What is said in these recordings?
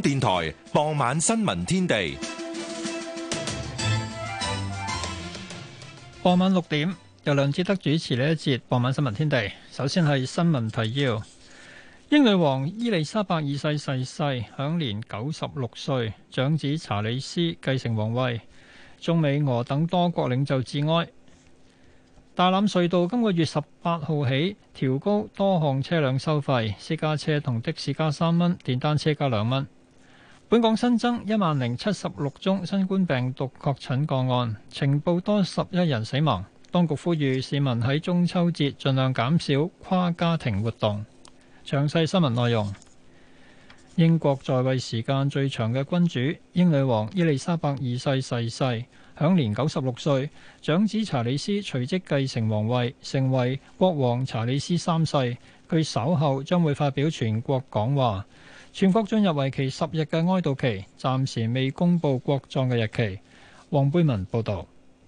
電台傍晚新聞天地，傍晚六點由梁志德主持呢一節傍晚新聞天地。首先係新聞提要：英女王伊麗莎白二世逝世，世，世，世，享年九十六歲，長子查理斯繼承皇位。中美俄等多國領袖致哀。大欖隧道今個月十八號起調高多項車輛收費，私家車同的士加三蚊，電單車加兩蚊。本港新增一萬零七十六宗新冠病毒確診個案，呈報多十一人死亡。當局呼籲市民喺中秋節盡量減少跨家庭活動，詳細新聞內容。英國在位時間最長嘅君主英女王伊麗莎白二世逝世，世，享年九十六歲。長子查理斯隨即繼承王位，成為國王查理斯三世。佢稍後將會發表全國講話。全國進入為期十日嘅哀悼期，暫時未公布國葬嘅日期。黃貝文報導。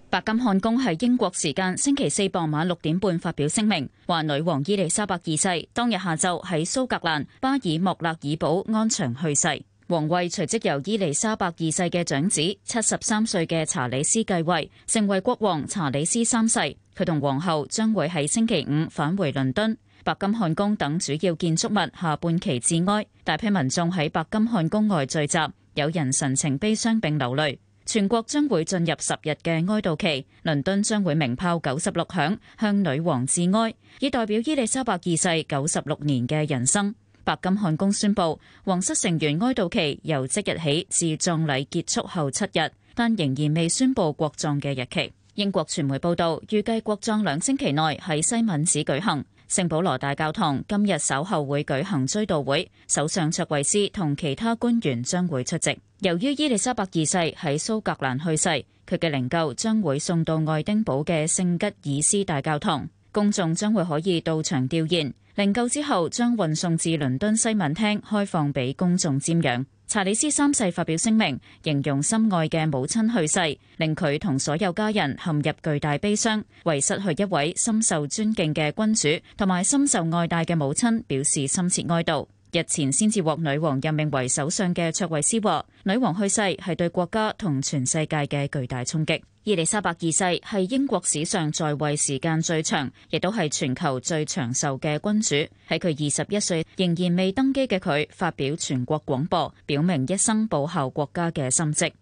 白金漢宮喺英國時間星期四傍晚六點半發表聲明，話女王伊麗莎白二世當日下晝喺蘇格蘭巴爾莫勒爾堡安詳去世。王位隨即由伊麗莎白二世嘅長子七十三歲嘅查理斯繼位，成為國王查理斯三世。佢同皇后將會喺星期五返回倫敦。白金漢宮等主要建築物下半旗致哀，大批民眾喺白金漢宮外聚集，有人神情悲傷並流淚。全國將會進入十日嘅哀悼期，倫敦將會鳴炮九十六響，向女王致哀，以代表伊麗莎白二世九十六年嘅人生。白金漢宮宣布，皇室成員哀悼期由即日起至葬禮結束後七日，但仍然未宣布國葬嘅日期。英國傳媒報道，預計國葬兩星期內喺西敏寺舉行。聖保羅大教堂今日稍後會舉行追悼會，首相卓慧思同其他官員將會出席。由於伊麗莎白二世喺蘇格蘭去世，佢嘅靈柩將會送到愛丁堡嘅聖吉爾斯大教堂，公眾將會可以到場弔唁。靈柩之後將運送至倫敦西敏廳開放俾公眾瞻仰。查理斯三世發表聲明，形容深愛嘅母親去世，令佢同所有家人陷入巨大悲傷，為失去一位深受尊敬嘅君主同埋深受愛戴嘅母親表示深切哀悼。日前先至獲女王任命為首相嘅卓慧思話，女王去世係對國家同全世界嘅巨大衝擊。伊麗莎白二世係英國史上在位時間最長，亦都係全球最長壽嘅君主。喺佢二十一歲仍然未登基嘅佢，發表全國廣播，表明一生報效國家嘅心迹。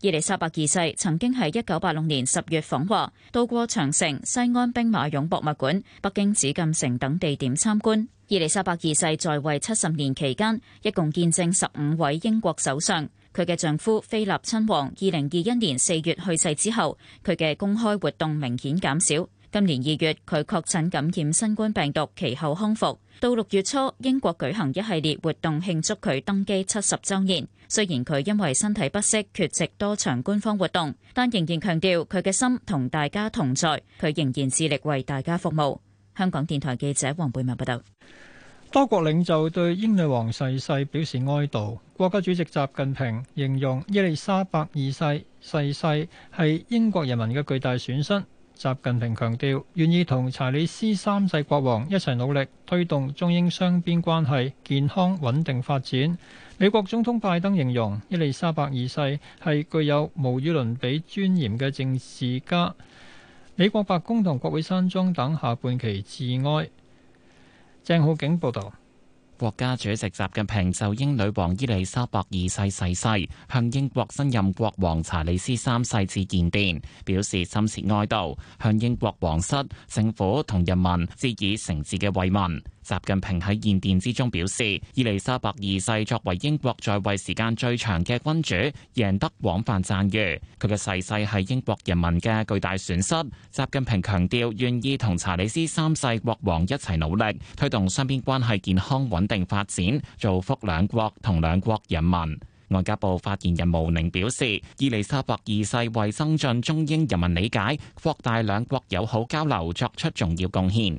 伊麗莎白二世曾經喺一九八六年十月訪華，到過長城、西安兵馬俑博物館、北京紫禁城等地點參觀。伊麗莎白二世在位七十年期間，一共見證十五位英國首相。佢嘅丈夫菲立親王二零二一年四月去世之後，佢嘅公開活動明顯減少。今年二月，佢確診感染新冠病毒，其後康復。到六月初，英國舉行一系列活動慶祝佢登基七十週年。雖然佢因為身體不適缺席多場官方活動，但仍然強調佢嘅心同大家同在，佢仍然致力為大家服務。香港電台記者黃貝文報道。多國領袖對英女王逝世表示哀悼。國家主席習近平形容伊利沙伯二世逝世係英國人民嘅巨大損失。習近平強調願意同查理斯三世國王一齊努力推動中英雙邊關係健康穩定發展。美國總統拜登形容伊麗莎白二世係具有無與倫比尊嚴嘅政治家。美國白宮同國會山莊等下半旗致哀。鄭浩景報道。國家主席習近平就英女王伊麗莎白二世逝世，世，向英國新任國王查理斯三世致唁電，表示深切哀悼，向英國皇室、政府同人民致以誠摯嘅慰問。習近平喺唁電之中表示，伊麗莎白二世作為英國在位時間最長嘅君主，贏得廣泛讚譽。佢嘅逝世係英國人民嘅巨大損失。習近平強調，願意同查理斯三世國王一齊努力，推動雙邊關係健康穩定發展，造福兩國同兩國人民。外交部發言人毛寧表示，伊麗莎白二世為增進中英人民理解、擴大兩國友好交流作出重要貢獻。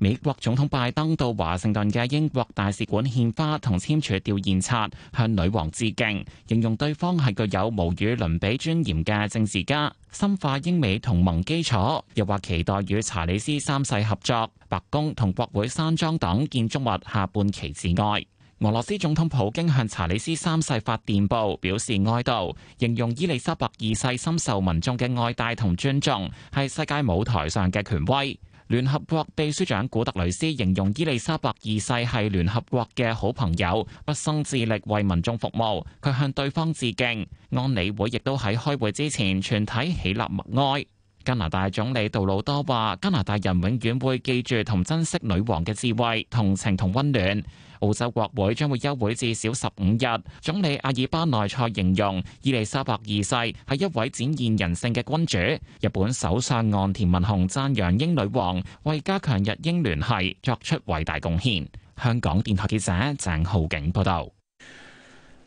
美國總統拜登到華盛頓嘅英國大使館獻花同簽署吊唁冊，向女王致敬，形容對方係具有無與倫比尊嚴嘅政治家，深化英美同盟基礎，又或期待與查理斯三世合作。白宮同國會山莊等建築物下半旗致哀。俄羅斯總統普京向查理斯三世發電報，表示哀悼，形容伊利莎白二世深受民眾嘅愛戴同尊重，係世界舞台上嘅權威。聯合國秘書長古特雷斯形容伊利沙伯二世係聯合國嘅好朋友，畢生致力為民眾服務，佢向對方致敬。安理會亦都喺開會之前全體起立默哀。加拿大總理杜魯多話：加拿大人永遠會記住同珍惜女王嘅智慧、同情同溫暖。澳洲國會將會休會至少十五日。總理阿爾巴內塞形容伊麗莎白二世係一位展現人性嘅君主。日本首相岸田文雄讚揚英女王為加強日英聯繫作出偉大貢獻。香港電台記者鄭浩景報道。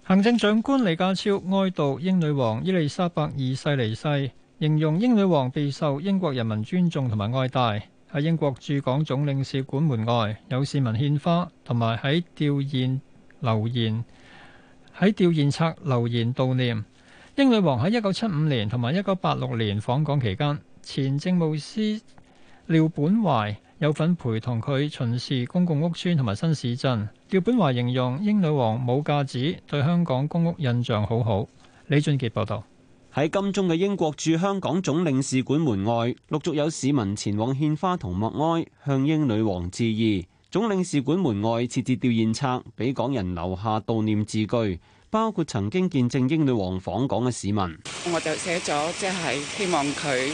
行政長官李家超哀悼英女王伊麗莎白二世離世，形容英女王備受英國人民尊重同埋愛戴。喺英國駐港總領事館門外，有市民獻花，同埋喺吊唁留言，喺吊唁冊留言悼念英女王。喺一九七五年同埋一九八六年訪港期間，前政務司廖本懷有份陪同佢巡視公共屋邨同埋新市鎮。廖本懷形容英女王冇架子，對香港公屋印象好好。李俊傑報道。喺金鐘嘅英國駐香港總領事館門外，陸續有市民前往獻花同默哀，向英女王致意。總領事館門外設置吊唁冊，俾港人留下悼念字句，包括曾經見證英女王訪港嘅市民。我就寫咗即係希望佢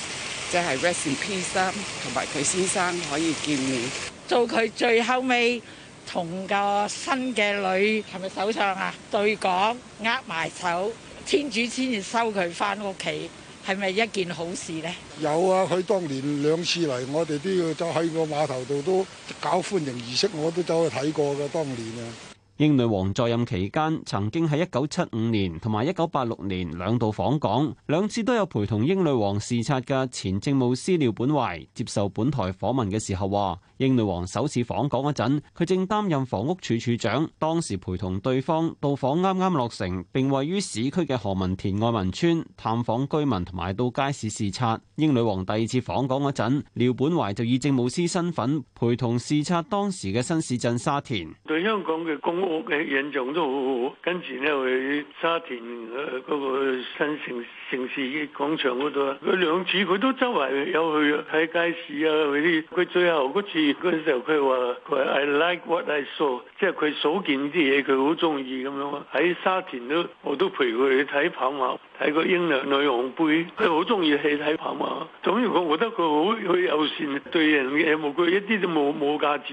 即係 Rest in Peace，同埋佢先生可以見面，做佢最後尾同個新嘅女係咪首唱啊？對講握埋手。天主先至收佢翻屋企，係咪一件好事呢？有啊，佢當年兩次嚟，我哋都要走喺個碼頭度都搞歡迎儀式，我都走去睇過噶當年啊。英女王在任期間曾經喺一九七五年同埋一九八六年兩度訪港，兩次都有陪同英女王視察嘅前政務司廖本懷接受本台訪問嘅時候話，英女王首次訪港嗰陣，佢正擔任房屋處處長，當時陪同對方到訪啱啱落成並位於市區嘅何文田愛民邨探訪居民同埋到街市視察；英女王第二次訪港嗰陣，廖本懷就以政務司身份陪同視察當時嘅新市鎮沙田。對香港嘅公屋我嘅印象都好好，跟住咧去沙田誒嗰個新城。城市廣場嗰度，佢兩次佢都周圍有去睇街市啊啲。佢最後嗰次嗰時候，佢話佢話 I like what I saw，即係佢所見啲嘢佢好中意咁樣。喺沙田都我都陪佢去睇跑馬，睇個英女王杯，佢好中意去睇跑馬。總然我覺得佢好佢友善對人嘅，冇佢一啲都冇冇架子。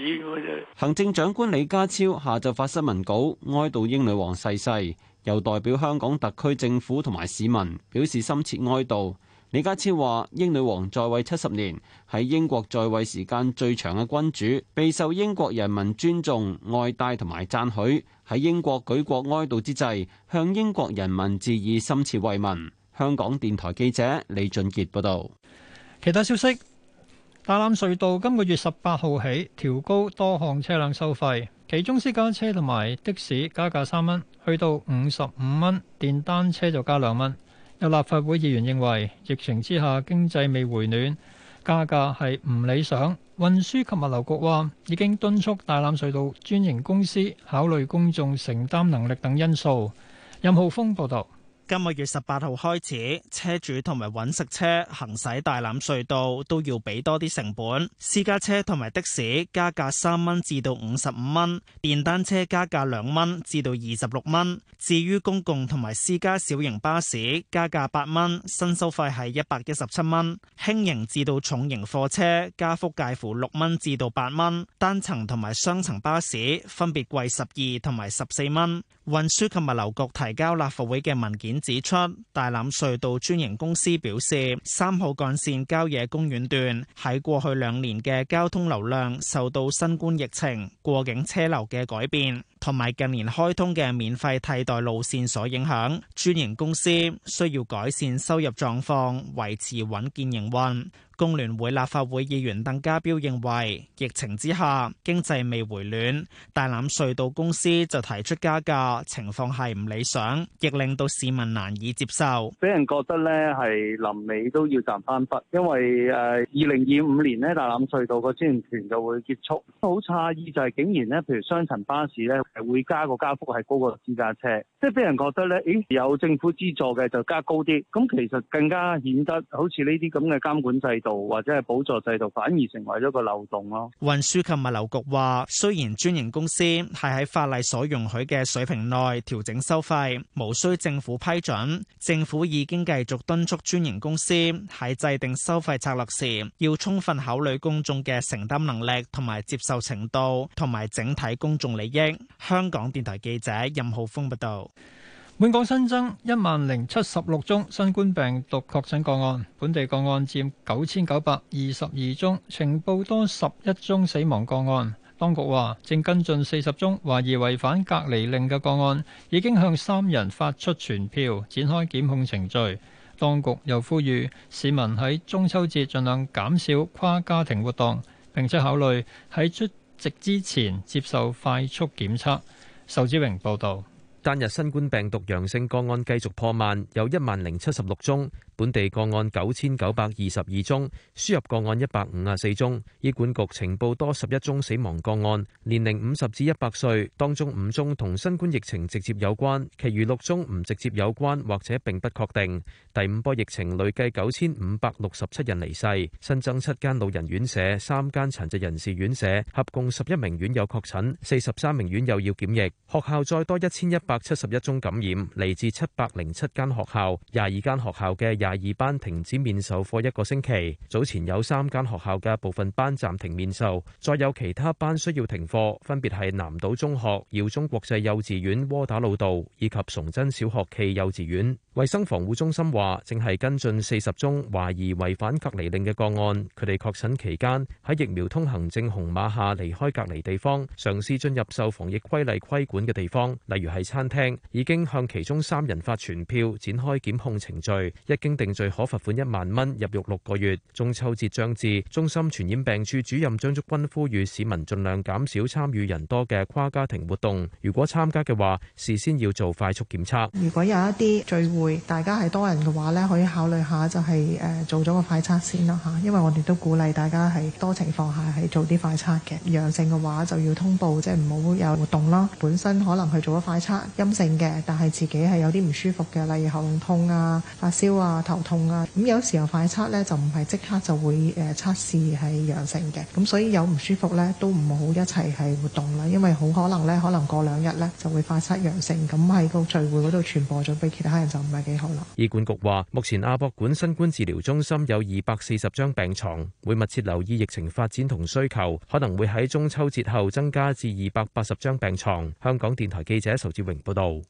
行政長官李家超下晝發新聞稿哀悼英女王逝世。又代表香港特區政府同埋市民表示深切哀悼。李家超話，英女王在位七十年，喺英國在位時間最長嘅君主，備受英國人民尊重、愛戴同埋讚許。喺英國舉國哀悼之際，向英國人民致以深切慰問。香港電台記者李俊杰報道。其他消息：大欖隧道今個月十八號起調高多項車輛收費，其中私家車同埋的士加價三蚊。去到五十五蚊，電單車就加兩蚊。有立法會議員認為，疫情之下經濟未回暖，加價係唔理想。運輸及物流局話，已經敦促大欖隧道專營公司考慮公眾承擔能力等因素。任浩峰報道。今個月十八號開始，車主同埋搵食車行駛大欖隧道都要俾多啲成本。私家車同埋的士加價三蚊至到五十五蚊，電單車加價兩蚊至到二十六蚊。至於公共同埋私家小型巴士加價八蚊，新收費係一百一十七蚊。輕型至到重型貨車加幅介乎六蚊至到八蚊，單層同埋雙層巴士分別貴十二同埋十四蚊。運輸及物流局提交立法會嘅文件指出，大欖隧道專營公司表示，三號幹線郊野公園段喺過去兩年嘅交通流量受到新冠疫情過境車流嘅改變，同埋近年開通嘅免費替代路線所影響，專營公司需要改善收入狀況，維持穩健營運，工聯會立法會議員鄧家彪認為疫情之下經濟未回暖，大欖隧道公司就提出加價情況係唔理想，亦令到市民難以接受。俾人覺得咧係臨尾都要賺翻筆，因為誒二零二五年咧大欖隧道個專營權就會結束。好詫異就係竟然咧，譬如雙層巴士咧。係會加個加幅係高過私家車，即係俾人覺得咧，誒有政府資助嘅就加高啲。咁其實更加顯得好似呢啲咁嘅監管制度或者係補助制度，反而成為咗個漏洞咯。運輸及物流局話：雖然專營公司係喺法例所容許嘅水平內調整收費，無需政府批准。政府已經繼續敦促專營公司喺制定收費策略時，要充分考慮公眾嘅承擔能力同埋接受程度同埋整體公眾利益。香港電台記者任浩峰報道，本港新增一萬零七十六宗新冠病毒確診個案，本地個案占九千九百二十二宗，呈報多十一宗死亡個案。當局話正跟進四十宗懷疑違反隔離令嘅個案，已經向三人發出傳票展開檢控程序。當局又呼籲市民喺中秋節盡量減少跨家庭活動，並且考慮喺出直之前接受快速檢測，仇志榮報道。單日新冠病毒陽性個案繼續破萬，有一萬零七十六宗。本地個案九千九百二十二宗，輸入個案一百五啊四宗。醫管局呈報多十一宗死亡個案，年齡五十至一百歲，當中五宗同新冠疫情直接有關，其餘六宗唔直接有關或者並不確定。第五波疫情累計九千五百六十七人離世，新增七間老人院舍，三間殘疾人士院舍，合共十一名院友確診，四十三名院友要檢疫。學校再多一千一百七十一宗感染，嚟自七百零七間學校，廿二間學校嘅廿二班停止面授課一個星期。早前有三間學校嘅部分班暫停面授，再有其他班需要停課，分別係南島中學、耀中國際幼稚園、窩打老道以及崇真小學暨幼稚園。衛生防護中心話，正係跟進四十宗懷疑違反隔離令嘅個案，佢哋確診期間喺疫苗通行證紅碼下離開隔離地方，嘗試進入受防疫規例規管嘅地方，例如係餐廳，已經向其中三人發傳票，展開檢控程序。一經定罪可罰款一萬蚊，入獄六個月。中秋節將至，中心傳染病處主任張竹君呼籲市民盡量減少參與人多嘅跨家庭活動。如果參加嘅話，事先要做快速檢測。如果有一啲聚會，大家係多人嘅話咧，可以考慮下就係誒做咗個快測先啦吓，因為我哋都鼓勵大家係多情況下係做啲快測嘅。陽性嘅話就要通報，即係唔好有活動啦。本身可能去做咗快測，陰性嘅，但係自己係有啲唔舒服嘅，例如喉嚨痛啊、發燒啊。頭痛啊，咁有時候快測呢，就唔係即刻就會誒測試係陽性嘅，咁所以有唔舒服呢，都唔好一齊係活動啦，因為好可能呢，可能過兩日呢，就會快測陽性，咁喺個聚會嗰度傳播咗俾其他人就唔係幾好啦。醫管局話，目前亞博館新冠治療中心有二百四十張病床，會密切留意疫情發展同需求，可能會喺中秋節後增加至二百八十張病床。香港電台記者仇志榮報導。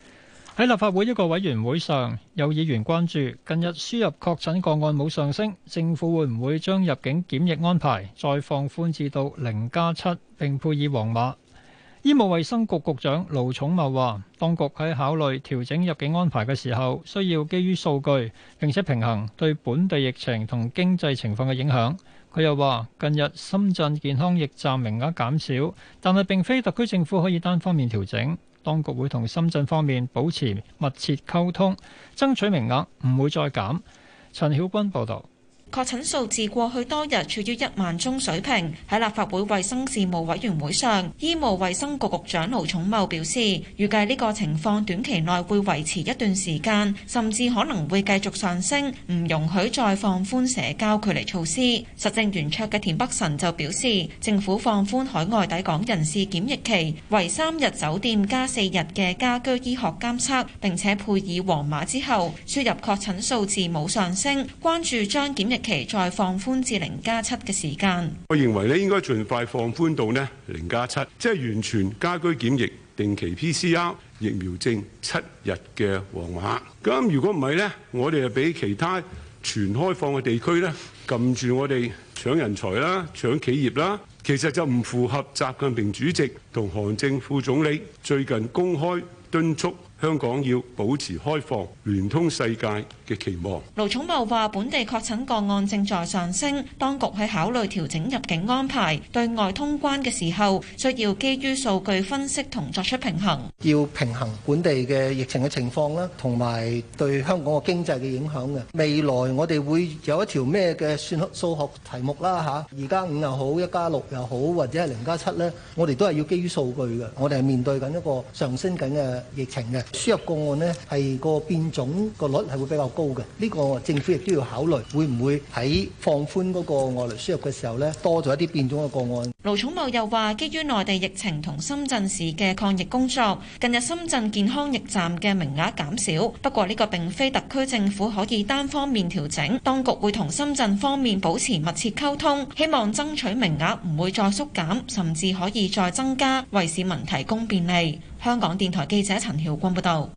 喺立法會一個委員會上，有議員關注近日輸入確診個案冇上升，政府會唔會將入境檢疫安排再放寬至到零加七並配以黃碼？醫務衛生局局長盧寵茂話，當局喺考慮調整入境安排嘅時候，需要基於數據並且平衡對本地疫情同經濟情況嘅影響。佢又話，近日深圳健康驛站名額減少，但係並非特區政府可以單方面調整。當局會同深圳方面保持密切溝通，爭取名額唔會再減。陳曉君報導。確診數字過去多日處於期再放寬至零加七嘅時間，我認為咧應該盡快放寬到呢零加七，即係完全家居檢疫、定期 PCR 疫苗證七日嘅黃碼。咁如果唔係咧，我哋就俾其他全開放嘅地區咧撳住我哋搶人才啦、搶企業啦，其實就唔符合習近平主席同韓正副總理最近公開敦促。香港要保持開放、聯通世界嘅期望。盧寵茂話本地確診個案正在上升，當局喺考慮調整入境安排。對外通關嘅時候，需要基於數據分析同作出平衡。要平衡本地嘅疫情嘅情況啦，同埋對香港嘅經濟嘅影響嘅。未來，我哋會有一條咩嘅算數學題目啦？吓，二加五又好，一加六又好，或者係零加七咧，我哋都係要基於數據嘅。我哋係面對緊一個上升緊嘅疫情嘅。輸入個案呢，係個變種個率係會比較高嘅，呢個政府亦都要考慮會唔會喺放寬嗰個外來輸入嘅時候呢，多咗一啲變種嘅個案。盧寵茂又話，基於內地疫情同深圳市嘅抗疫工作，近日深圳健康驛站嘅名額減少，不過呢個並非特區政府可以單方面調整，當局會同深圳方面保持密切溝通，希望爭取名額唔會再縮減，甚至可以再增加，為市民提供便利。香港電台記者陳曉君報道，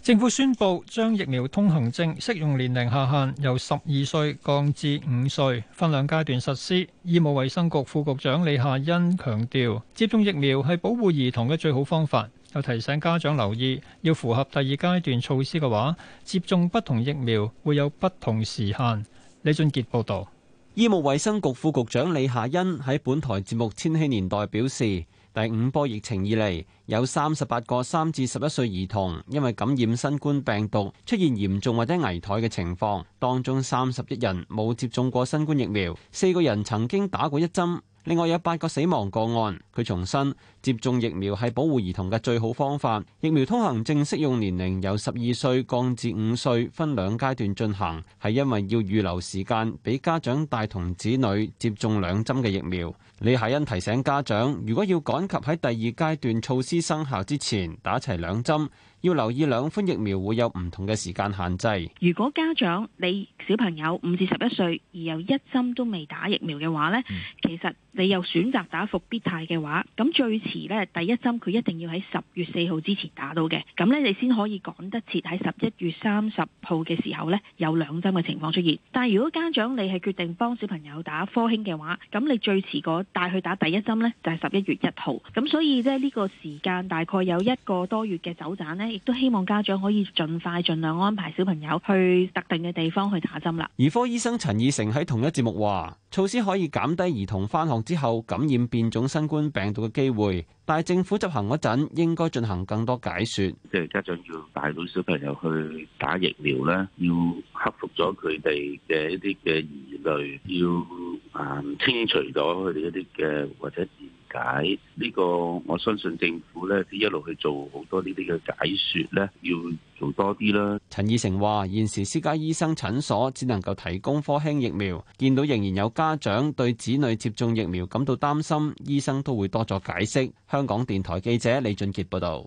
政府宣布將疫苗通行證適用年齡下限由十二歲降至五歲，分兩階段實施。醫務衛生局副局長李夏欣強調，接種疫苗係保護兒童嘅最好方法，又提醒家長留意，要符合第二階段措施嘅話，接種不同疫苗會有不同時限。李俊傑報道，醫務衛生局副局長李夏欣喺本台節目《千禧年代》表示。第五波疫情以嚟，有三十八個三至十一歲兒童因為感染新冠病毒出現嚴重或者危殆嘅情況，當中三十一人冇接種過新冠疫苗，四個人曾經打過一針，另外有八個死亡個案。佢重申，接種疫苗係保護兒童嘅最好方法。疫苗通行證適用年齡由十二歲降至五歲，分兩階段進行，係因為要預留時間俾家長帶同子女接種兩針嘅疫苗。李夏欣提醒家長，如果要趕及喺第二階段措施生效之前打齊兩針。要留意兩款疫苗會有唔同嘅時間限制。如果家長你小朋友五至十一歲而又一針都未打疫苗嘅話呢、嗯、其實你又選擇打復必泰嘅話，咁最遲呢，第一針佢一定要喺十月四號之前打到嘅，咁咧你先可以趕得切喺十一月三十號嘅時候呢，有兩針嘅情況出現。但如果家長你係決定幫小朋友打科興嘅話，咁你最遲個帶去打第一針呢，就係十一月一號，咁所以呢、這個時間大概有一個多月嘅走盞呢。亦都希望家長可以盡快儘量安排小朋友去特定嘅地方去打針啦。兒科醫生陳義成喺同一節目話，措施可以減低兒童翻學之後感染變種新冠病毒嘅機會，但政府執行嗰陣應該進行更多解説。即係家長要帶到小朋友去打疫苗咧，要克服咗佢哋嘅一啲嘅疑慮，要清除咗佢哋一啲嘅或者。解，呢個我相信政府咧，一路去做好多呢啲嘅解説咧，要做多啲啦。陳以誠話現時私家醫生診所只能夠提供科興疫苗，見到仍然有家長對子女接種疫苗感到擔心，醫生都會多作解釋。香港電台記者李俊杰報道。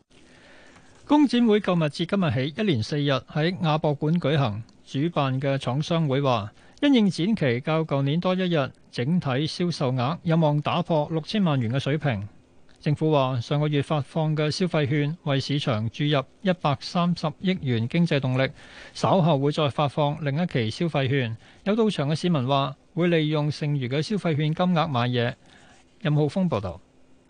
工展會購物節今日起一連四日喺亞博館舉行，主辦嘅廠商會話，因應展期較舊年多一日，整體銷售額有望打破六千萬元嘅水平。政府話上個月發放嘅消費券為市場注入一百三十億元經濟動力，稍後會再發放另一期消費券。有到場嘅市民話會利用剩餘嘅消費券金額買嘢。任浩峰報導。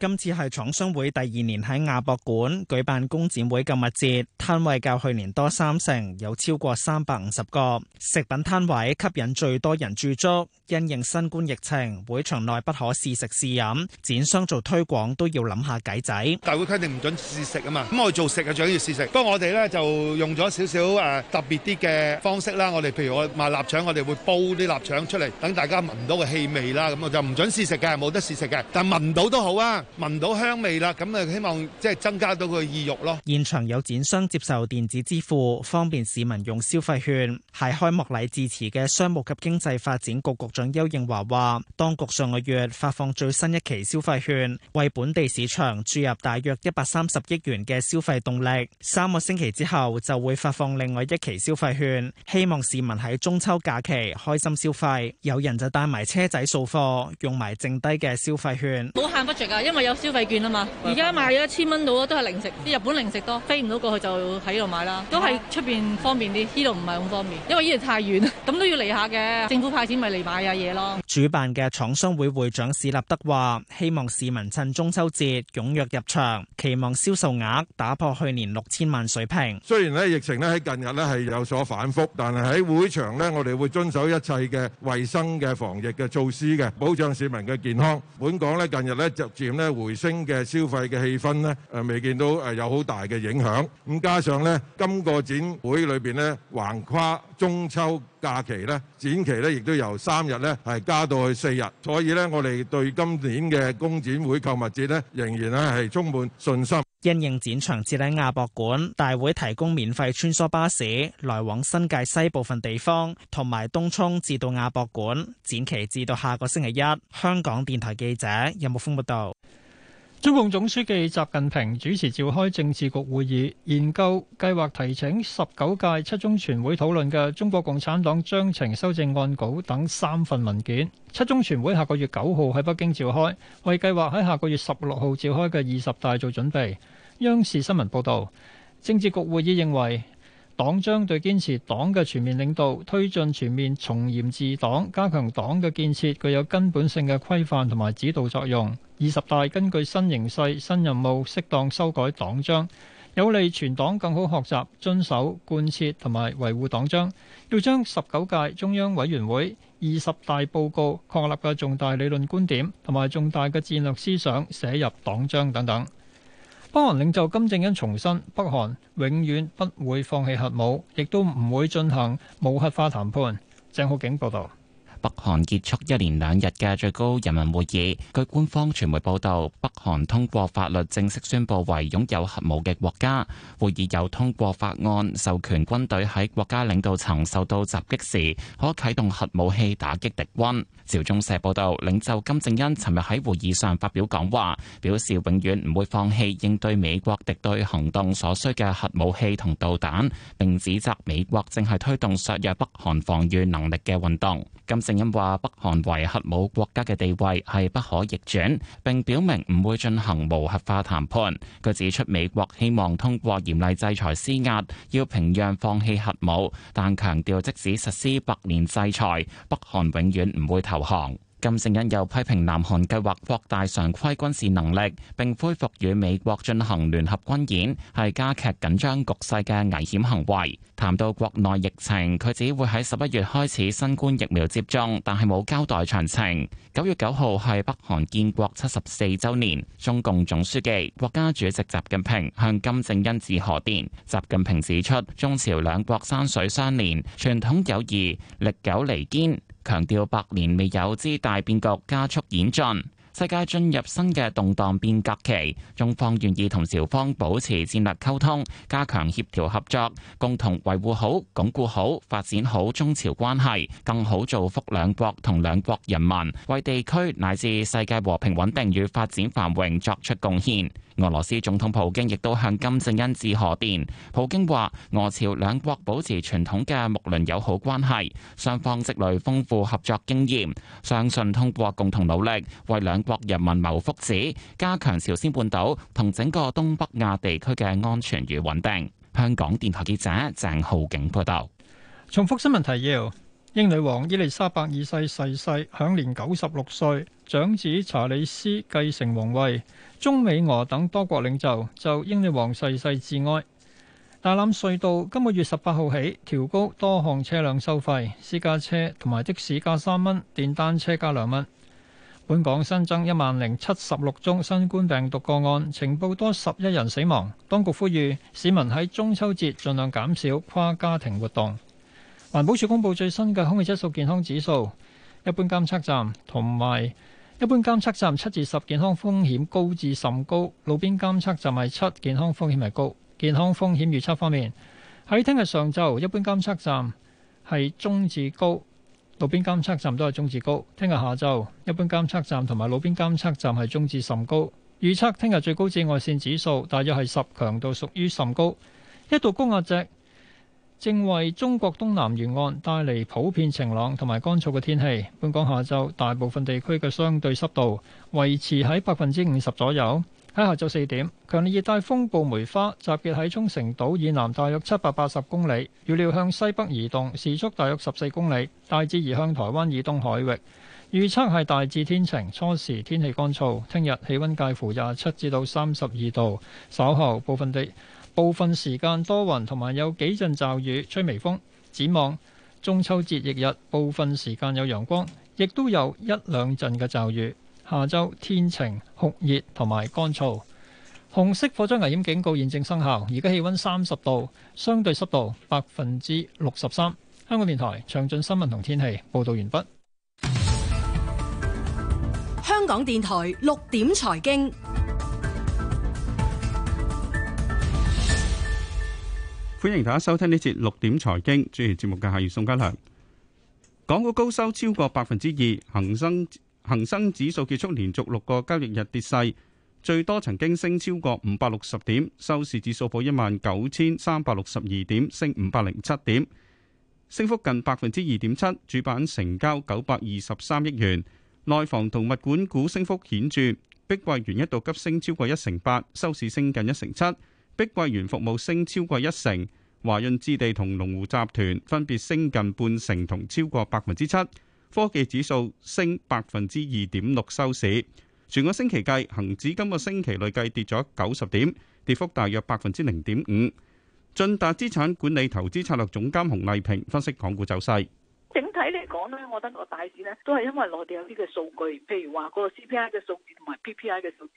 今次係廠商會第二年喺亞博館舉辦工展會購物節，攤位較去年多三成，有超過三百五十個食品攤位，吸引最多人駐足。因應新冠疫情，會場內不可試食試飲，展商做推廣都要諗下計仔。大會規定唔准試食啊嘛，咁我做食嘅就最緊要試食。不過我哋咧就用咗少少誒、呃、特別啲嘅方式啦。我哋譬如我賣臘腸，我哋會煲啲臘腸出嚟，等大家聞到個氣味啦。咁我就唔准試食嘅，冇得試食嘅，但聞到都好啊。聞到香味啦，咁啊希望即係增加到佢意欲咯。現場有展商接受電子支付，方便市民用消費券。喺開幕禮致辭嘅商務及經濟發展局局長丘應樺話：當局上個月發放最新一期消費券，為本地市場注入大約一百三十億元嘅消費動力。三個星期之後就會發放另外一期消費券，希望市民喺中秋假期開心消費。有人就帶埋車仔掃貨，用埋剩低嘅消費券。冇限不絕㗎，因為有消費券啊嘛，而家買咗一千蚊到咯，都係零食，啲日本零食多，飛唔到過去就喺度買啦。都係出邊方便啲，呢度唔係咁方便，因為呢度太遠，咁都要嚟下嘅。政府派錢咪嚟買下嘢咯。主辦嘅廠商會會長史立德話：希望市民趁中秋節踴躍入場，期望銷售額打破去年六千萬水平。雖然咧疫情咧喺近日咧係有所反覆，但係喺會場咧我哋會遵守一切嘅衞生嘅防疫嘅措施嘅，保障市民嘅健康。本港咧近日咧逐漸咧，回升嘅消費嘅氣氛呢，誒未見到誒有好大嘅影響。咁加上呢，今個展會裏邊呢，橫跨中秋假期呢，展期呢，亦都由三日呢，係加到去四日，所以呢，我哋對今年嘅工展會購物節呢，仍然呢係充滿信心。因應展場設喺亞博館，大會提供免費穿梭巴士來往新界西部分地方同埋東涌至到亞博館展期至到下個星期一。香港電台記者任木峰報道。有中共總書記習近平主持召開政治局會議，研究計劃提請十九屆七中全會討論嘅中國共產黨章程修正案稿等三份文件。七中全會下個月九號喺北京召開，為計劃喺下個月十六號召開嘅二十大做準備。央視新聞報道，政治局會議認為。黨章對堅持黨嘅全面領導、推進全面從嚴治黨、加強黨嘅建設具有根本性嘅規範同埋指導作用。二十大根據新形勢、新任務，適當修改黨章，有利全黨更好學習、遵守、貫徹同埋維護黨章。要將十九屆中央委員會、二十大報告確立嘅重大理論觀點同埋重大嘅戰略思想寫入黨章等等。北韓領袖金正恩重申，北韓永遠不會放棄核武，亦都唔會進行無核化談判。鄭浩景報道。北韓結束一連兩日嘅最高人民會議，據官方傳媒報導，北韓通過法律正式宣布為擁有核武嘅國家。會議又通過法案，授權軍隊喺國家領導層受到襲擊時，可啟動核武器打擊敵軍。朝中社報導，領袖金正恩尋日喺會議上發表講話，表示永遠唔會放棄應對美國敵對行動所需嘅核武器同導彈，並指責美國正係推動削弱北韓防禦能力嘅運動。金因話北韓為核武國家嘅地位係不可逆轉，並表明唔會進行無核化談判。佢指出美國希望通過嚴厲制裁施壓，要平壤放棄核武，但強調即使實施百年制裁，北韓永遠唔會投降。金正恩又批評南韓計劃擴大常規軍事能力，並恢復與美國進行聯合軍演，係加劇緊張局勢嘅危險行為。談到國內疫情，佢只會喺十一月開始新冠疫苗接種，但係冇交代詳情。九月九號係北韓建國七十四週年，中共總書記、國家主席習近平向金正恩致賀電。習近平指出，中朝兩國山水相連，傳統友誼歷久彌堅。強調百年未有之大變局加速演進。世界進入新嘅動盪變革期，中方願意同朝方保持戰略溝通，加強協調合作，共同維護好、鞏固好、發展好中朝關係，更好造福兩國同兩國人民，為地區乃至世界和平穩定與發展繁榮作出貢獻。俄羅斯總統普京亦都向金正恩致賀電，普京話：俄朝兩國保持傳統嘅睦鄰友好關係，雙方積累豐富合作經驗，相信通過共同努力，為兩國人民謀福祉，加強朝鮮半島同整個東北亞地區嘅安全與穩定。香港電台記者鄭浩景報道。重複新聞提要：英女王伊麗莎白二世逝世，世，享年九十六歲，長子查理斯繼承皇位。中美俄等多國領袖就英女王逝世致哀。大欖隧道今個月十八號起調高多項車輛收費，私家車同埋的士加三蚊，電單車加兩蚊。本港新增一萬零七十六宗新冠病毒個案，呈報多十一人死亡。當局呼籲市民喺中秋節盡量減少跨家庭活動。環保署公布最新嘅空氣質素健康指數，一般監測站同埋一般監測站七至十健康風險高至甚高，路邊監測站係七健康風險係高。健康風險預測方面，喺聽日上晝一般監測站係中至高。路邊監測站都係中至高，聽日下晝一般監測站同埋路邊監測站係中至甚高。預測聽日最高紫外線指數大約係十，強度屬於甚高。一道高壓脊正為中國東南沿岸帶嚟普遍晴朗同埋乾燥嘅天氣。本港下晝大部分地區嘅相對濕度維持喺百分之五十左右。喺下晝四點，強烈熱帶風暴梅花集結喺沖繩島以南大約七百八十公里，預料向西北移動，時速大約十四公里，大致移向台灣以東海域。預測係大致天晴，初時天氣乾燥，聽日氣温介乎廿七至到三十二度，稍後部分地部分時間多雲，同埋有幾陣驟雨，吹微風。展望中秋節翌日，部分時間有陽光，亦都有一兩陣嘅驟雨。下周天晴、酷熱同埋乾燥。紅色火災危險警告現正生效。而家氣温三十度，相對濕度百分之六十三。香港電台詳盡新聞同天氣報導完畢。香港電台六點財經，歡迎大家收聽呢節六點財經。主持節目嘅係宋家良。港股高收超過百分之二，恒生。恒生指數結束連續六個交易日跌勢，最多曾經升超過五百六十點，收市指數報一萬九千三百六十二點，升五百零七點，升幅近百分之二點七。主板成交九百二十三億元，內房同物管股升幅顯著，碧桂園一度急升超過一成八，收市升近一成七；碧桂園服務升超過一成，華潤置地同龍湖集團分別升近半成同超過百分之七。科技指數升百分之二點六收市。全個星期計，恒指今個星期累計跌咗九十點，跌幅大約百分之零點五。晉達資產管理投資策略總監洪麗萍分析港股走勢。整體嚟講咧，我覺得個大市咧都係因為內地有啲嘅數據，譬如話個 CPI 嘅數字同埋 PPI 嘅數字。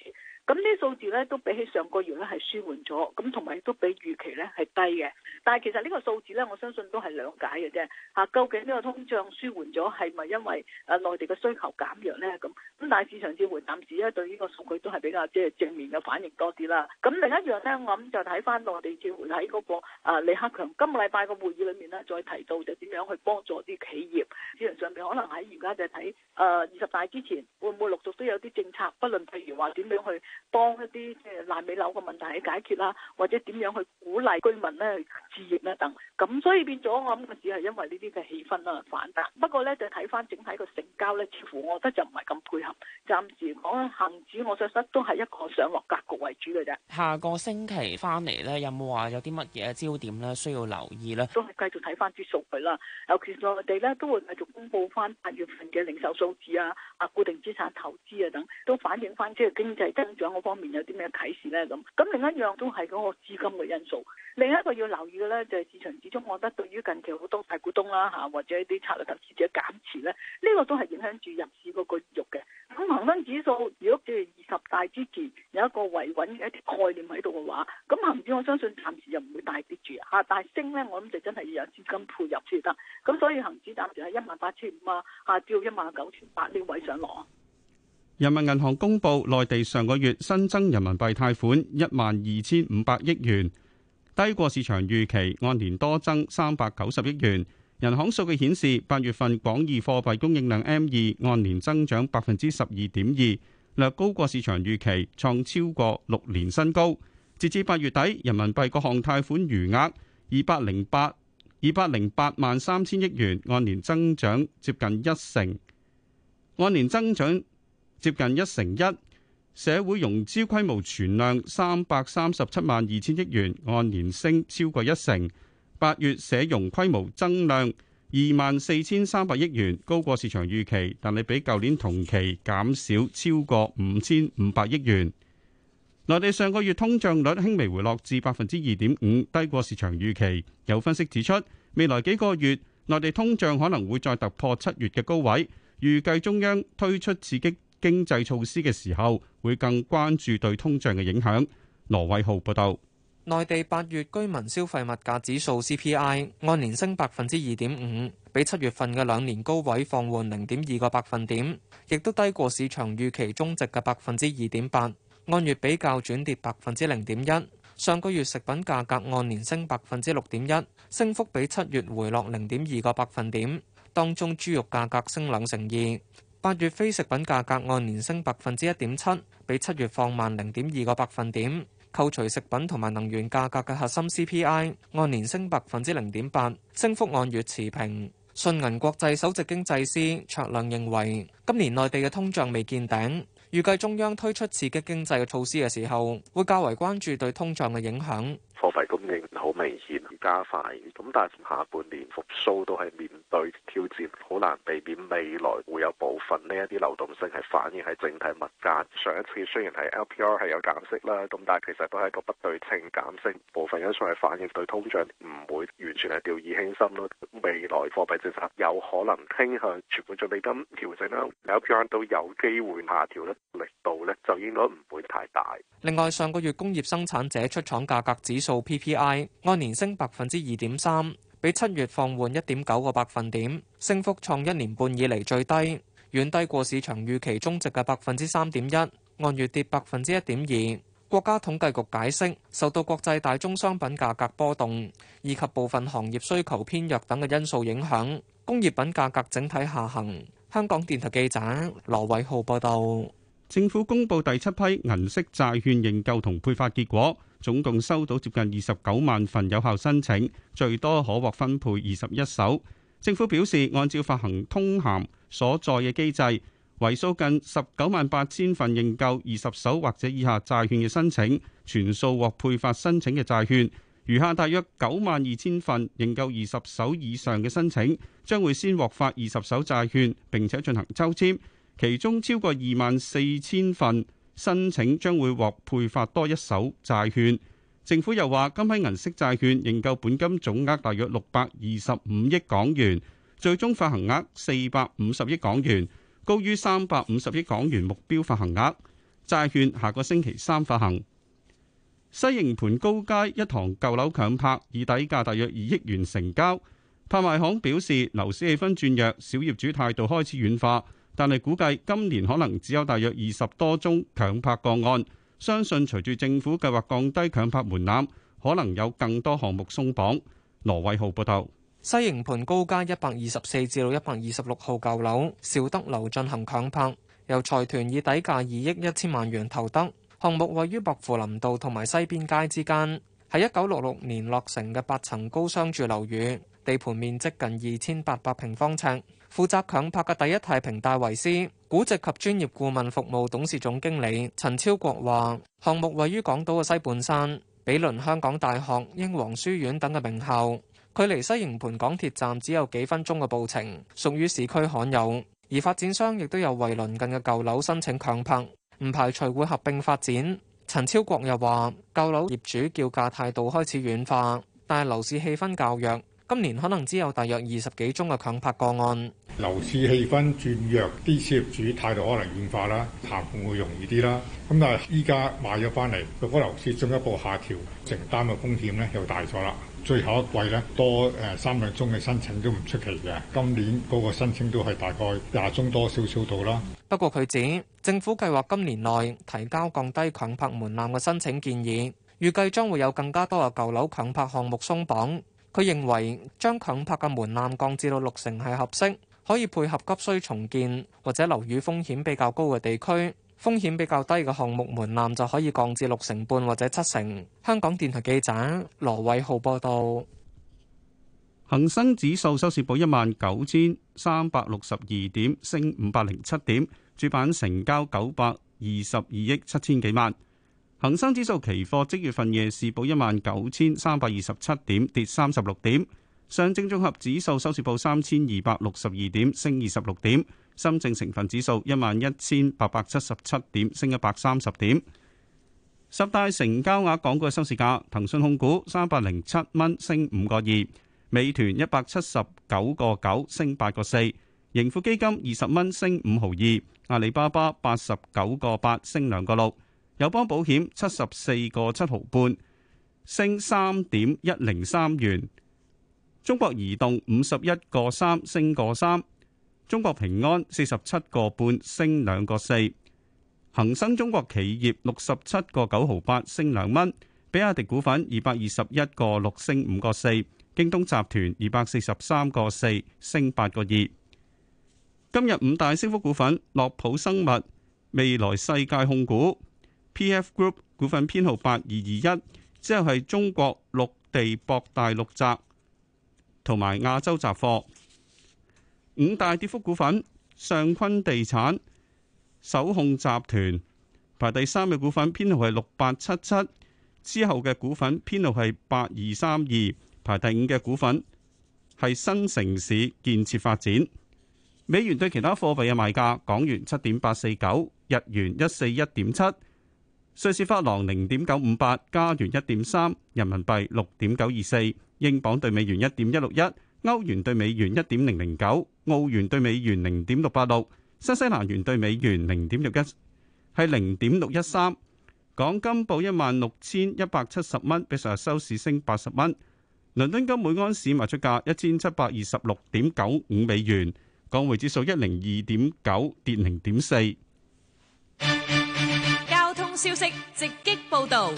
咁呢啲數字咧都比起上個月咧係舒緩咗，咁同埋都比預期咧係低嘅。但係其實呢個數字咧，我相信都係兩解嘅啫、啊。究竟呢個通脹舒緩咗係咪因為誒、啊、內地嘅需求減弱咧？咁咁但係市場接緩，暫時咧對呢個數據都係比較即係、就是、正面嘅反應多啲啦。咁另一樣咧，我諗就睇返內地接緩喺嗰個、啊、李克強今個禮拜嘅會議裏面咧，再提到就點樣去幫助啲企業，市場上面可能喺而家就睇二十大之前會唔會陸續都有啲政策，不論譬如話點樣去。幫一啲即係爛尾樓嘅問題去解決啦，或者點樣去鼓勵居民咧置業咧等，咁所以變咗我諗佢只係因為呢啲嘅氣氛啦，反彈。不過咧就睇翻整體嘅成交咧，似乎我覺得就唔係咁配合。暫時嚟講，恆指我覺得都係一個上落格局為主嘅啫。下個星期翻嚟咧，有冇話有啲乜嘢焦點咧需要留意咧？都係繼續睇翻啲數據啦。尤其是我哋咧都會繼續公布翻八月份嘅零售數字啊、啊固定資產投資啊等，都反映翻即係經濟增兩個方面有啲咩啟示呢？咁咁另一樣都係嗰個資金嘅因素。另一個要留意嘅呢，就係、是、市場始終，我覺得對於近期好多大股東啦、啊、吓，或者啲策略投資者減持呢，呢、這個都係影響住入市嗰個欲嘅。咁恒生指數如果即二十大之前有一個維穩嘅一啲概念喺度嘅話，咁恒指我相信暫時又唔會大跌住吓，但係升呢，我諗就真係要有資金配入先得。咁所以恒指暫時喺一萬八千五啊，啊，只要一萬九千八呢位上落。人民銀行公布，內地上個月新增人民幣貸款一萬二千五百億元，低過市場預期，按年多增三百九十億元。人行數據顯示，八月份廣義貨幣供應量 M 二按年增長百分之十二點二，略高過市場預期，創超過六年新高。截至八月底，人民幣各項貸款餘額二百零八二百零八萬三千億元，按年增長接近一成，按年增長。接近一成一，社會融資規模存量三百三十七萬二千億元，按年升超過一成。八月社融規模增量二萬四千三百億元，高過市場預期，但係比舊年同期減少超過五千五百億元。內地上個月通脹率輕微回落至百分之二點五，低過市場預期。有分析指出，未來幾個月內地通脹可能會再突破七月嘅高位，預計中央推出刺激經濟措施嘅時候，會更關注對通脹嘅影響。羅偉浩報導，內地八月居民消費物價指數 CPI 按年升百分之二點五，比七月份嘅兩年高位放緩零點二個百分點，亦都低過市場預期中值嘅百分之二點八。按月比較轉跌百分之零點一。上個月食品價格按年升百分之六點一，升幅比七月回落零點二個百分點，當中豬肉價格升兩成二。八月非食品價格按年升百分之一點七，比七月放慢零點二個百分點。扣除食品同埋能源價格嘅核心 CPI 按年升百分之零點八，升幅按月持平。信銀國際首席經濟師卓亮認為，今年內地嘅通脹未見頂，預計中央推出刺激經濟嘅措施嘅時候，會較為關注對通脹嘅影響。貨幣供應加快咁，但係下半年復蘇都係面對挑戰，好難避免未來會有部分呢一啲流動性係反映喺整體物價。上一次雖然係 LPR 係有減息啦，咁但係其實都係一個不對稱減息，部分因素係反映對通脹唔會完全係掉以輕心咯。未來貨幣政策有可能傾向存款準備金調整啦，LPR 都有機會下調咧，力度咧就應該唔會太大。另外，上個月工業生產者出廠價格指數 PPI 按年升百。百分之二點三，比七月放緩一點九個百分點，升幅創一年半以嚟最低，遠低過市場預期中值嘅百分之三點一，按月跌百分之一點二。國家統計局解釋，受到國際大宗商品價格波動以及部分行業需求偏弱等嘅因素影響，工業品價格整體下行。香港電台記者羅偉浩報道。政府公布第七批銀色債券認購同配發結果，總共收到接近二十九萬份有效申請，最多可獲分配二十一手。政府表示，按照發行通函所在嘅機制，為數近十九萬八千份認購二十手或者以下債券嘅申請全數獲配發申請嘅債券。餘下大約九萬二千份認購二十手以上嘅申請將會先獲發二十手債券，並且進行抽籤。其中超過二萬四千份申請將會獲配發多一手債券。政府又話，今批銀色債券認購本金總額大約六百二十五億港元，最終發行額四百五十億港元，高於三百五十億港元目標發行額。債券下個星期三發行。西營盤高街一堂舊樓強拍，以底價大約二億元成交。拍賣行表示，樓市氣氛轉弱，小業主態度開始軟化。但係估計今年可能只有大約二十多宗強拍個案，相信隨住政府計劃降低強拍門檻，可能有更多項目鬆綁。羅偉浩報道：西營盤高街一百二十四至到一百二十六號舊樓，小德樓進行強拍，由財團以底價二億一千萬元投得。項目位於薄扶林道同埋西邊街之間，喺一九六六年落成嘅八層高商住樓宇，地盤面積近二千八百平方尺。負責強拍嘅第一太平戴維斯估值及專業顧問服務董事總經理陳超國話：項目位於港島嘅西半山，毗鄰香港大學、英皇書院等嘅名校，距離西營盤港鐵站只有幾分鐘嘅步程，屬於市區罕有。而發展商亦都有為鄰近嘅舊樓申請強拍，唔排除會合併發展。陳超國又話：舊樓業主叫價態度開始軟化，但係樓市氣氛較弱。今年可能只有大約二十幾宗嘅強拍個案。樓市氣氛轉弱，啲業主態度可能變化啦，談判會容易啲啦。咁但係依家買咗翻嚟，如果樓市進一步下調，承擔嘅風險咧又大咗啦。最後一季咧多誒三兩宗嘅申請都唔出奇嘅。今年嗰個申請都係大概廿宗多少少度啦。不過佢指政府計劃今年內提交降低強拍門檻嘅申請建議，預計將會有更加多嘅舊樓強拍項目鬆綁。佢認為將強拍嘅門檻降至到六成係合適，可以配合急需重建或者樓宇風險比較高嘅地區，風險比較低嘅項目門檻就可以降至六成半或者七成。香港電台記者羅偉浩報道，恆生指數收市報一萬九千三百六十二點，升五百零七點，主板成交九百二十二億七千幾萬。恒生指數期貨即月份夜市報一萬九千三百二十七點，跌三十六點。上證綜合指數收市報三千二百六十二點，升二十六點。深證成分指數一萬一千八百七十七點，升一百三十點。十大成交額港股嘅收市價：騰訊控股三百零七蚊，升五個二；美團一百七十九個九，升八個四；盈富基金二十蚊，升五毫二；阿里巴巴八十九個八，升兩個六。友邦保險七十四個七毫半，升三點一零三元。中國移動五十一個三，升個三。中國平安四十七個半，升兩個四。恒生中國企業六十七個九毫八，升兩蚊。比亞迪股份二百二十一個六，升五個四。京東集團二百四十三個四，升八個二。今日五大升幅股份：樂普生物、未來世界控股。P.F. Group 股份編號八二二一，之後係中國綠地博大陸集同埋亞洲雜貨。五大跌幅股份，上坤地產、首控集團，排第三嘅股份編號係六八七七，之後嘅股份編號係八二三二，排第五嘅股份係新城市建設發展。美元對其他貨幣嘅賣價，港元七點八四九，日元一四一點七。瑞士法郎零點九五八，加元一點三，人民幣六點九二四，英鎊兌美元一點一六一，歐元兌美元一點零零九，澳元兌美元零點六八六，新西蘭元兌美元零點六一係零點六一三。港金報一萬六千一百七十蚊，比上日收市升八十蚊。倫敦金每安士賣出價一千七百二十六點九五美元，港匯指數一零二點九跌零點四。消息直擊報道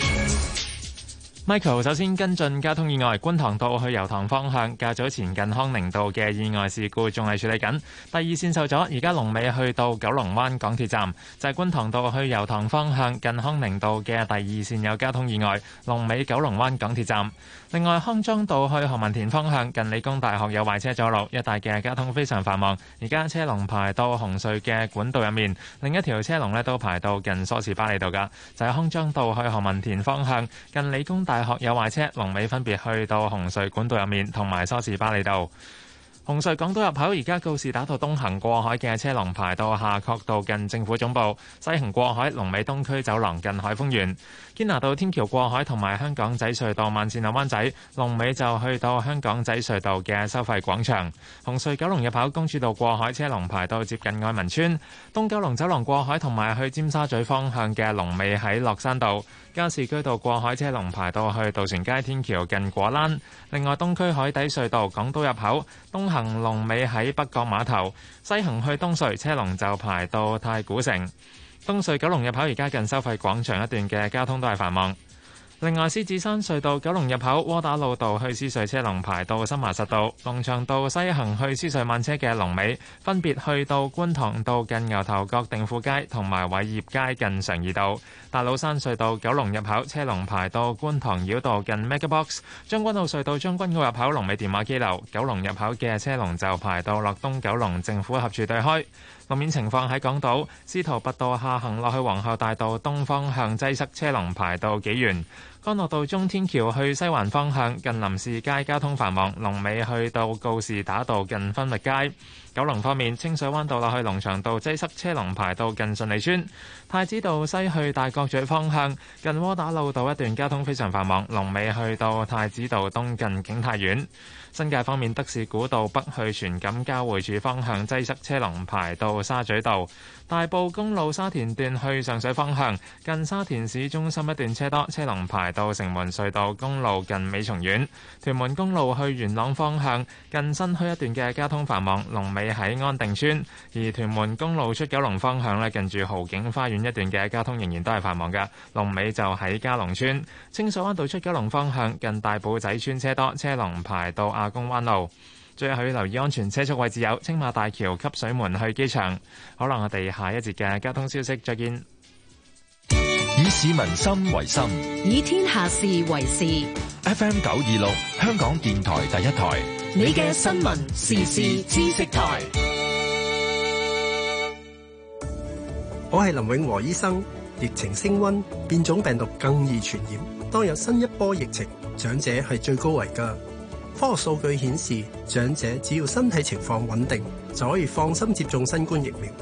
，Michael 首先跟進交通意外。觀塘道去油塘方向，較早前近康寧道嘅意外事故仲係處理緊，第二線受阻，而家龍尾去到九龍灣港鐵站。就係觀塘道去油塘方向近康寧道嘅第二線有交通意外，龍尾九龍灣港鐵站。另外，康莊道去何文田方向近理工大學有壞車阻路，一帶嘅交通非常繁忙。而家車龍排到紅隧嘅管道入面，另一條車龍呢都排到近梳士巴利道噶。就喺康莊道去何文田方向近理工大學有壞車，龍尾分別去到紅隧管道入面同埋梳士巴利道。紅隧港島入口，而家告士打道東行過海嘅車龍排到下角到夏愨道近政府總部，西行過海龍尾東區走廊近海峰園、堅拿道天橋過海同埋香港仔隧道慢線入灣仔龍尾，就去到香港仔隧道嘅收費廣場。紅隧九龍入口，公主道過海車龍排到接近愛民村、東九龍走廊過海同埋去尖沙咀方向嘅龍尾喺落山道。加士居道過海車龍排到去渡船街天橋近果欄，另外東區海底隧道港島入口東行龍尾喺北角碼頭，西行去東隧車龍就排到太古城。東隧九龍入口而家近收費廣場一段嘅交通都係繁忙。另外，獅子山隧道九龍入口窩打老道去獅隧車龍排到森麻實道，龍翔道西行去獅隧慢車嘅龍尾分別去到觀塘道近牛頭角定富街，同埋偉業街近常怡道。大老山隧道九龍入口車龍排到觀塘繞道近 MegaBox 將軍澳隧道將軍澳入口龍尾電話機樓，九龍入口嘅車龍就排到落東九龍政府合署對開。路面情況喺港島，司徒拔道下行落去皇后大道東方向擠塞車龍道幾，車龍排到幾遠，康樂道中干諾道中天橋去西環方向近林士街交通繁忙，龍尾去到告士打道近分域街。九龍方面，清水灣道落去龍翔道擠塞，車龍排到近順利村。太子道西去大角咀方向近窩打路道一段交通非常繁忙，龍尾去到太子道東近景泰苑。新界方面，德士古道北去荃錦交匯處方向擠塞，車龍排到沙咀道。大埔公路沙田段去上水方向，近沙田市中心一段車多，車龍排到城門隧道公路近美松苑。屯門公路去元朗方向，近新墟一段嘅交通繁忙，龍尾喺安定村。而屯門公路出九龍方向呢，近住豪景花園一段嘅交通仍然都係繁忙嘅，龍尾就喺嘉龍村。清水灣道出九龍方向，近大埔仔村車多，車龍排到亞公灣路。最後要留意安全車速位置有青馬大橋、汲水門去機場。可能我哋下一節嘅交通消息再見。以市民心為心，以天下事為事。F M 九二六，香港電台第一台，你嘅新聞時事知識台。我係林永和醫生，疫情升溫，變種病毒更易傳染，當有新一波疫情，長者係最高危噶。科學數據顯示，長者只要身體情況穩定，就可以放心接種新冠疫苗。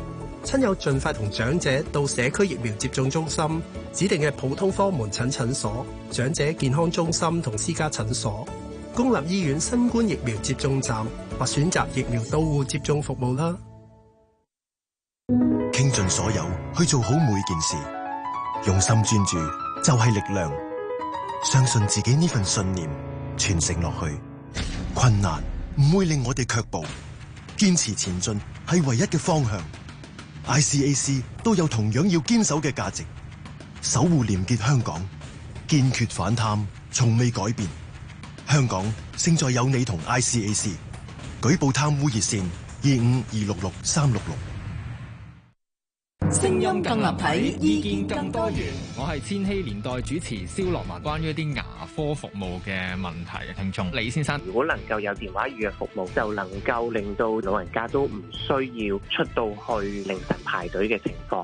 親友盡快同長者到社區疫苗接種中心、指定嘅普通科門診診所、長者健康中心同私家診所、公立醫院新冠疫苗接種站或選擇疫苗到戶接種服務啦。傾盡所有去做好每件事，用心專注就係、是、力量。相信自己呢份信念，傳承落去。困難唔會令我哋卻步，堅持前進係唯一嘅方向。ICAC 都有同樣要堅守嘅價值，守護廉潔香港，堅決反貪，從未改變。香港勝在有你同 ICAC，舉報貪污熱線二五二六六三六六。聲音更立體，意見更多元。我係千禧年代主持蕭樂文。關於一啲牙科服務嘅問題嘅聽眾李先生，如果能夠有電話預約服務，就能夠令到老人家都唔需要出到去凌晨排隊嘅情況。